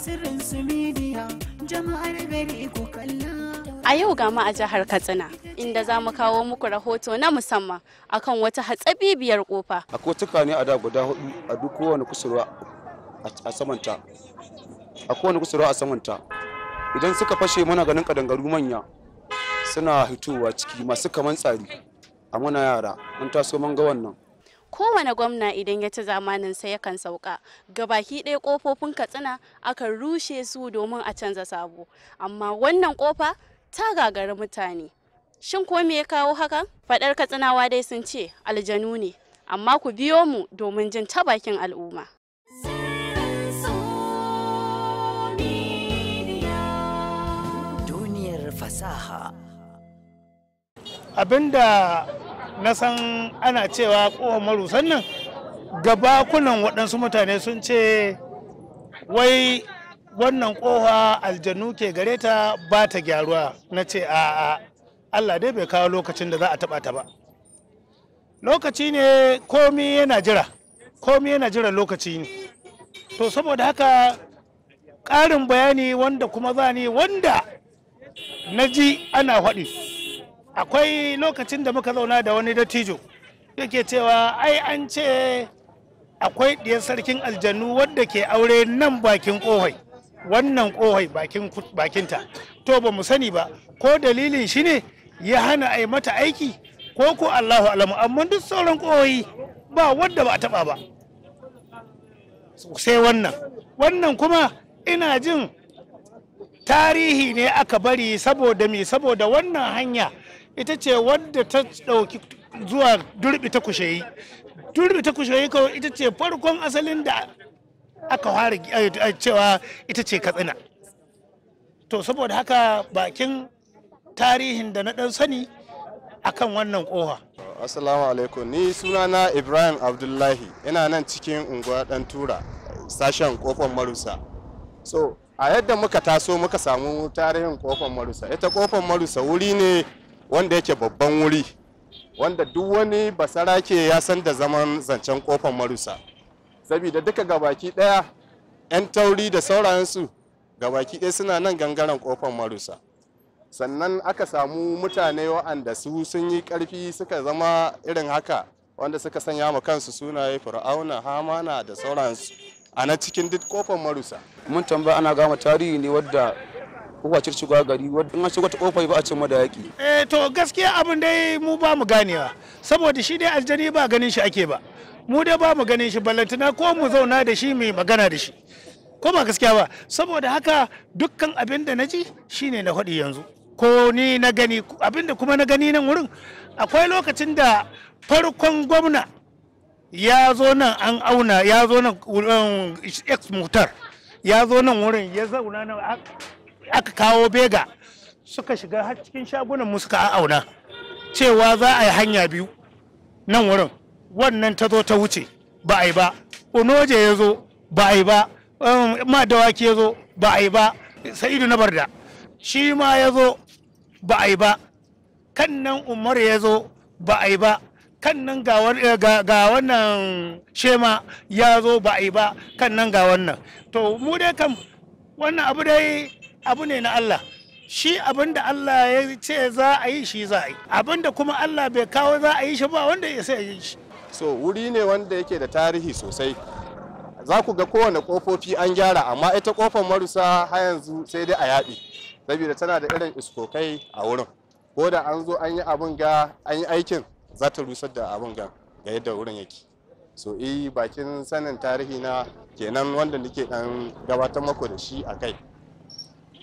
sirrin su midiya jama'ar gari ku kalla a yau ga ma a jihar katsina inda za mu kawo muku rahoto na musamman akan wata hatsabibiyar kofa akwai tuka ne a da guda hudu a duk kowane kusurwa a samanta a kowane kusurwa a samanta idan suka fashe mana ganin kadangaru manya suna hitowa ciki masu kaman tsari a mana yara mun taso mun ga wannan kowane gwamna idan ya ci zamanin sai yakan sauka ga baki ɗaya ƙofofin katsina akan rushe su domin a canza sabo amma wannan ƙofa ta gagari mutane shin ko me ya kawo hakan faɗar katsinawa dai sun ce aljanu ne amma ku biyo mu domin jin ta bakin al'umma duniyar fasaha abinda na san ana cewa kowa marusan nan gabakunan waɗansu mutane sun ce wai wannan kowa aljanu ke gare ta ba ta gyaruwa na ce a'a allah dai bai kawo lokacin da za a taɓa ta ba lokaci ne komi yana jira komi yana jira lokaci ne to saboda haka ƙarin bayani wanda kuma za ni wanda na ji ana haɗi. akwai lokacin da muka zauna da wani dattijo yake cewa ai an ce akwai ɗiyar sarkin aljannu wadda ke aure nan bakin kohai wannan kohai bakinta to ba mu sani ba ko dalilin shi ne ya hana a mata aiki ko ko allahu alamu amma duk sauran kohai ba wadda ba a taba ba sai wannan wannan kuma ina jin tarihi ne aka bari saboda me saboda wannan hanya ita ce wanda ta ɗauki zuwa durbi ta kushayi durbi ta kushayi kawai ita ce farkon asalin da aka fara eh, eh, cewa ita ce katsina to saboda haka bakin tarihin da na dan sani akan wannan kowa. assalamu alaikum ni sunana ibrahim abdullahi ina nan cikin unguwa dan tura sashen kofar marusa so a yadda muka taso muka samu tarihin kofar marusa ita kofar marusa wuri ne wanda yake babban wuri wanda duk wani basarake ya san da zaman zancen kofar marusa saboda duka gabaki daya 'yan tauri da sauransu gabaki daya suna nan gangaren kofar marusa sannan aka samu mutane wa'anda su sun yi karfi suka zama irin haka wanda suka sanya ma kansu sunaye fir'auna hamana da sauransu a cikin duk kofar marusa mun tambaya ana gama tarihi ne wadda ko ba circiwa gari wadda an shigo ta kofar ba a cin mada yaki eh to gaskiya abin dai mu ba mu ganewa saboda shi dai aljani ba ganin shi ake ba mu dai ba mu ganin shi ballantana ko mu zauna da shi mai magana da shi ko ba gaskiya ba saboda haka dukkan abin da na ji shine na faɗi yanzu ko ni na gani abin da kuma na gani nan wurin akwai lokacin da farkon gwamna ya zo nan an auna ya zo nan um, ex mutar ya zo nan wurin ya zauna nan aka kawo bega suka shiga har cikin shagunan mu suka auna cewa za a yi hanya biyu nan wurin wannan ta zo ta wuce ba a yi ba onoje ya zo ba a yi ba um, ma dawaki ya zo ba a yi ba sa'idu na barda shi ma ya zo ba a yi ba kan nan umar ya zo ba a yi ba kan nan ga eh, wannan shema ya zo ba a yi ba kan nan ga wannan to mu dai kan wannan abu dai abu ne na Allah shi abin da Allah ya ce za a yi shi za a yi abin da kuma Allah bai kawo za a yi shi ba wanda ya sai shi so wuri ne wanda yake da tarihi sosai za ku ga kowane kofofi an gyara amma ita kofar marusa har yanzu sai dai a yaɗi saboda tana da irin iskokai a wurin ko da an zo an yi abin ga an yi aikin za ta rusar da abin ga ga yadda wurin yake so eh bakin sanin tarihi na kenan wanda nake dan gabatar mako da shi a kai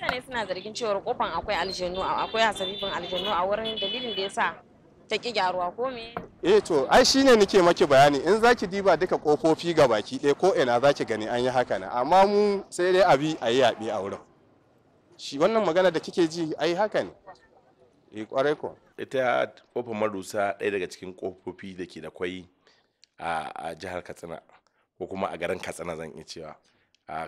mutane suna zargin cewar kofan akwai aljanu akwai asabibin aljanu a wurin dalilin da yasa ta ki gyaruwa ko me eh to ai shine nake maki bayani in zaki diba duka kofofi ga baki ɗaya ko ina zaki gani an yi haka na amma mu sai dai abi a yi yaɓe a wurin shi wannan magana da kike ji ai haka ne eh kwarai ko ita kofar marusa ɗaya daga cikin kofofi da ke da kwai a jihar katsina ko kuma a garin katsina zan iya cewa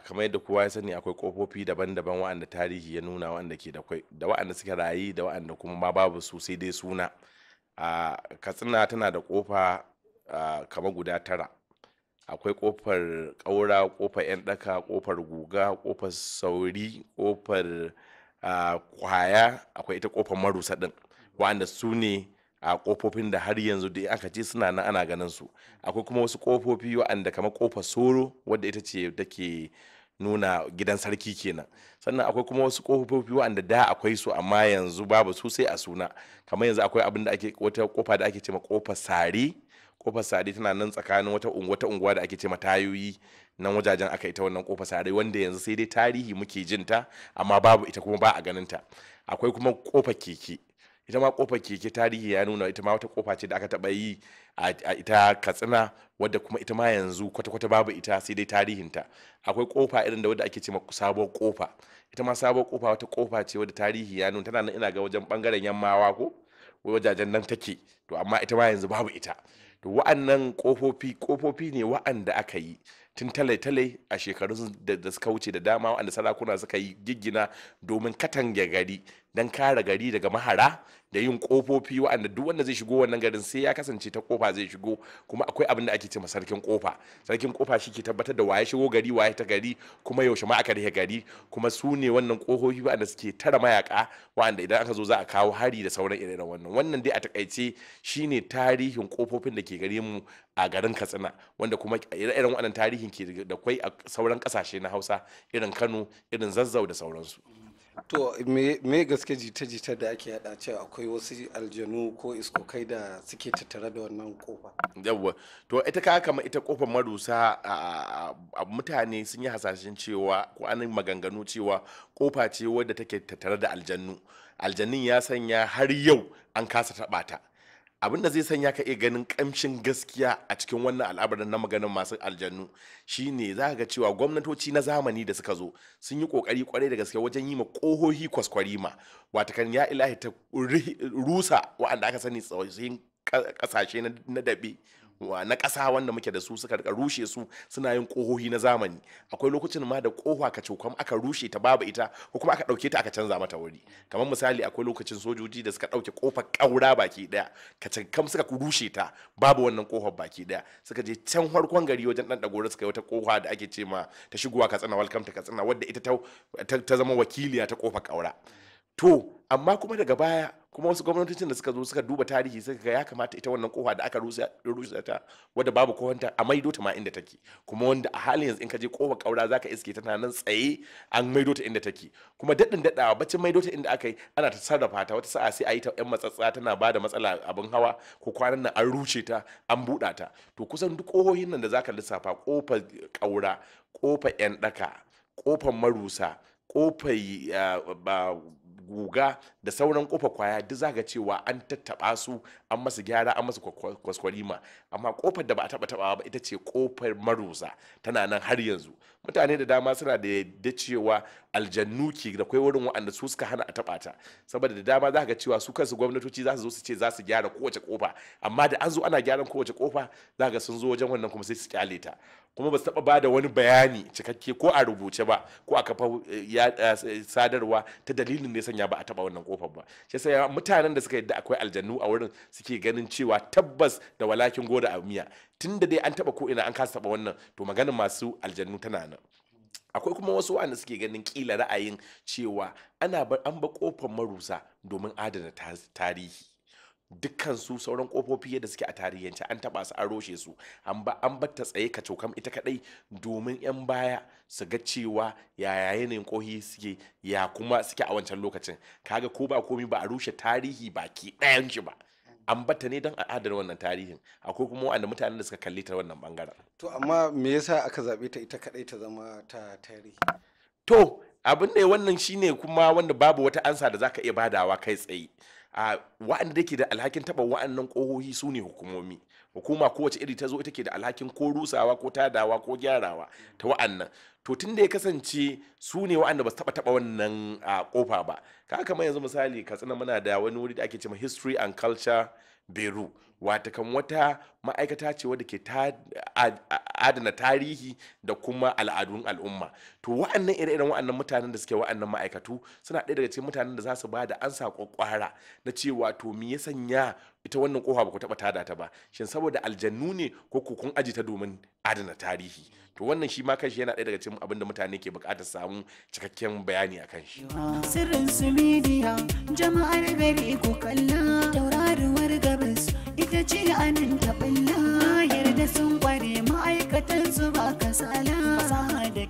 kamar yadda kowa ya sani akwai kofofi daban-daban wa'anda tarihi ya nuna wa'anda ke da wa'anda suka rayu da wa'anda kuma ma babu su sai dai suna katsina tana da kofa kamar guda tara akwai kofar ƙaura kofar 'yan ɗaka kofar guga kofar sauri kofar kwaya akwai ita kofar marusa ɗin wa'anda su ne a kofofin da har yanzu da aka ce suna nan ana ganin su akwai kuma wasu kofofi wa'anda kamar kofar soro wadda ita ce take nuna gidan sarki kenan sannan akwai kuma wasu kofofi wa'anda da akwai su amma yanzu babu su sai a suna kamar yanzu akwai abin da ake wata kofa da ake ce ma kofar sare kofar sare tana nan tsakanin wata unguwa unguwa da ake ce tayoyi nan wajajen aka ita wannan kofar sare wanda yanzu sai dai tarihi muke jin ta amma babu ita kuma ba a ganin ta akwai kuma kofar keke ita ma kofar keke tarihi ya nuna ita ma wata kofa ce da aka taba yi a ita katsina wadda kuma ita ma yanzu kwata-kwata babu ita sai dai tarihinta akwai kofa irin da wadda ake ce sabuwar kofa ita ma sabuwar kofa wata kofa ce wadda tarihi ya nuna tana nan ina ga wajen bangaren yammawa ko wajajen nan take to amma ita ma yanzu babu ita to wa'annan kofofi kofofi ne wa'anda aka yi tun talai-talai a shekarun da suka wuce da dama wanda sarakuna suka yi giggina domin katange gari don kare gari daga mahara da yin kofofi wa'anda duk wanda zai shigo wannan garin sai ya kasance ta kofa zai shigo kuma akwai abin da ake ce sarkin kofa sarkin kofa shi ke tabbatar da waye shigo gari waye ta gari kuma yaushe ma aka rike gari kuma su ne wannan kofofi wa'anda suke tara mayaka wanda idan aka zo za a kawo hari da sauran irin wannan wannan dai a takaice shine tarihin kofofin da ke gare mu a garin katsina wanda kuma irin waɗannan tarihin ke da kwai a sauran ƙasashe na hausa irin kano irin zazzau da sauransu to me gaske jita-jita da ake yada cewa akwai wasu aljanu ko iskokai da suke tattare da wannan kofa yawwa to ita ka kama ita kofar marusa a mutane sun yi hasashen cewa ko an maganganu cewa kofa ce wadda take tattare da aljannu aljannin ya sanya har yau an kasa taɓa ta abin da zai sanya ka iya ganin kamshin gaskiya a cikin wannan al'abarin na maganin masu aljannu shine za ga cewa gwamnatoci na zamani da suka zo sun yi kokari kwarai da gaske wajen yi ma kohohi kwaskwarima kan ya ilahi ta rusa wa'anda aka sani tsawon kasashe na dabe na ƙasa wanda muke da su suka rika rushe su suna yin kohohi na zamani akwai lokacin ma da ƙofa ka cokam aka rushe ta babu ita ko kuma aka ɗauke ta aka canza mata wuri kamar misali akwai lokacin sojoji da suka ɗauke ƙofar ƙaura baki ɗaya ka kam suka rushe ta babu wannan ƙofar baki ɗaya suka je can farkon gari wajen ɗan ɗagora suka yi wata ƙofa da ake ce ma ta shigowa katsina welcome ta katsina wadda ita ta zama wakiliya ta ƙofar ƙaura to amma kuma daga baya kuma wasu gwamnatocin da suka zo suka duba tarihi suka ga ya kamata ita wannan kofa da aka rusa ta wadda babu kowanta a maido ta ma inda take kuma wanda a halin yanzu in ka je kofa kaura zaka iske tana nan tsaye an maido ta inda take kuma daɗin daɗawa bacin maido ta inda aka yi ana ta sarrafa ta wata sa'a sai a yi ta yan matsatsa tana bada matsala abin hawa ko kwanan nan an rushe ta an buɗa ta to kusan duk kohohin nan da zaka lissafa kofar ƙaura kofar yan ɗaka kofar marusa kofar eh, guga da sauran kofa kwaya duk zaga cewa an tattaba su an masu gyara an masu kwaskwarima amma kofar da ba a taba taba ba ita ce kofar maruza tana nan har yanzu mutane da dama suna da yadda cewa aljannu ke da kai wurin waɗanda su suka hana a taɓa ta saboda da dama za ka cewa su kansu gwamnatoci za su zo su ce za su gyara kowace kofa amma da an zo ana gyaran kowace kofa za ka sun zo wajen wannan kuma sai su kyale ta kuma ba su taɓa ba da wani bayani cikakke ko a rubuce ba ko a kafa eh, eh, sadarwa ta dalilin ya sanya ba a taɓa wannan kofar ba shi yasa mutanen da suka yadda akwai aljannu a wurin suke ganin cewa tabbas da walakin goda a miya tun da dai an taba ko ina an kasa taba wannan to maganin masu aljannu tana nan akwai kuma wasu wanda suke ganin kila ra'ayin cewa ana bar an ba kofar marusa domin adana tarihi dukkan su sauran kofofi yadda suke a tarihance an taba su an roshe su an ba an batta tsaye ka cokam ita kadai domin yan baya su ga cewa ya yayin kohi suke ya kuma suke a wancan lokacin kaga ko ba komi ba a rushe tarihi baki ɗayan shi ba ambata ne don a adana wannan tarihin akwai kuma wanda mutanen da suka kalli ta wannan bangaren to amma me yasa aka zabe ta ita kadai ta zama ta tarihi to abin da wannan shine kuma wanda babu wata ansa da zaka iya badawa kai tsaye a wa'anda da ke da alhakin taba wa'annan kohohi su ne hukumomi hukuma kowace iri ta zo ita ke da alhakin ko rusawa ko tadawa ko gyarawa ta wa'annan to tun da ya kasance su ne wa'anda ba su taba taba wannan kofa ba ka kamar yanzu misali katsina muna da wani wuri da ake cewa history and culture beru kan wata ma'aikata ce wadda ke adana tarihi da kuma al'adun al'umma to wa'annan ire-iren wa'annan mutanen da suke wa'annan ma'aikatu suna ɗaya daga cikin mutanen da za su ba da ansa kwakwara na cewa to me ya sanya ita wannan kofa ba ku taɓa tada ta ba shin saboda aljannu ne ko ku kun aji ta domin adana tarihi to wannan shi ma kashi yana ɗaya daga cikin abinda mutane ke buƙatar samu cikakken bayani a kan shi. Sirrin su midiya jama'ar gari ku kalla tauraruwar gabas ita ce anan ta balla yarda sun kware ma'aikatan su ba kasala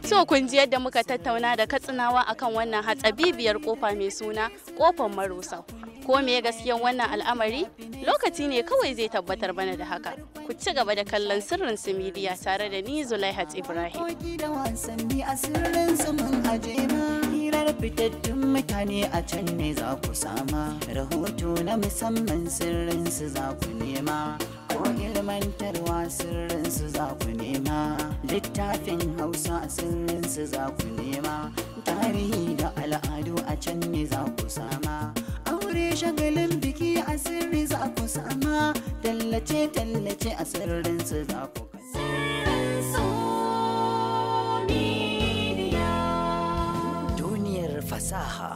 So kun ji yadda muka tattauna da katsinawa akan wannan bibiyar kofa mai suna kofar marosau. ko me gaskiyan wannan al'amari lokaci ne kawai zai tabbatar mana da haka ku ci gaba da kallon sirrin su midiya tare da ni zulaihat ibrahim hirar fitattun mutane a can ne za ku sama rahoto na musamman sirrin su za ku nema ko ilmantarwa sirrin su za ku nema littafin hausa sirrin su za ku nema tarihi da al'adu a can ne za ku sama shagalin biki a sirri za ku sama tallace tallace a sirrin su za ku sirrin duniyar fasaha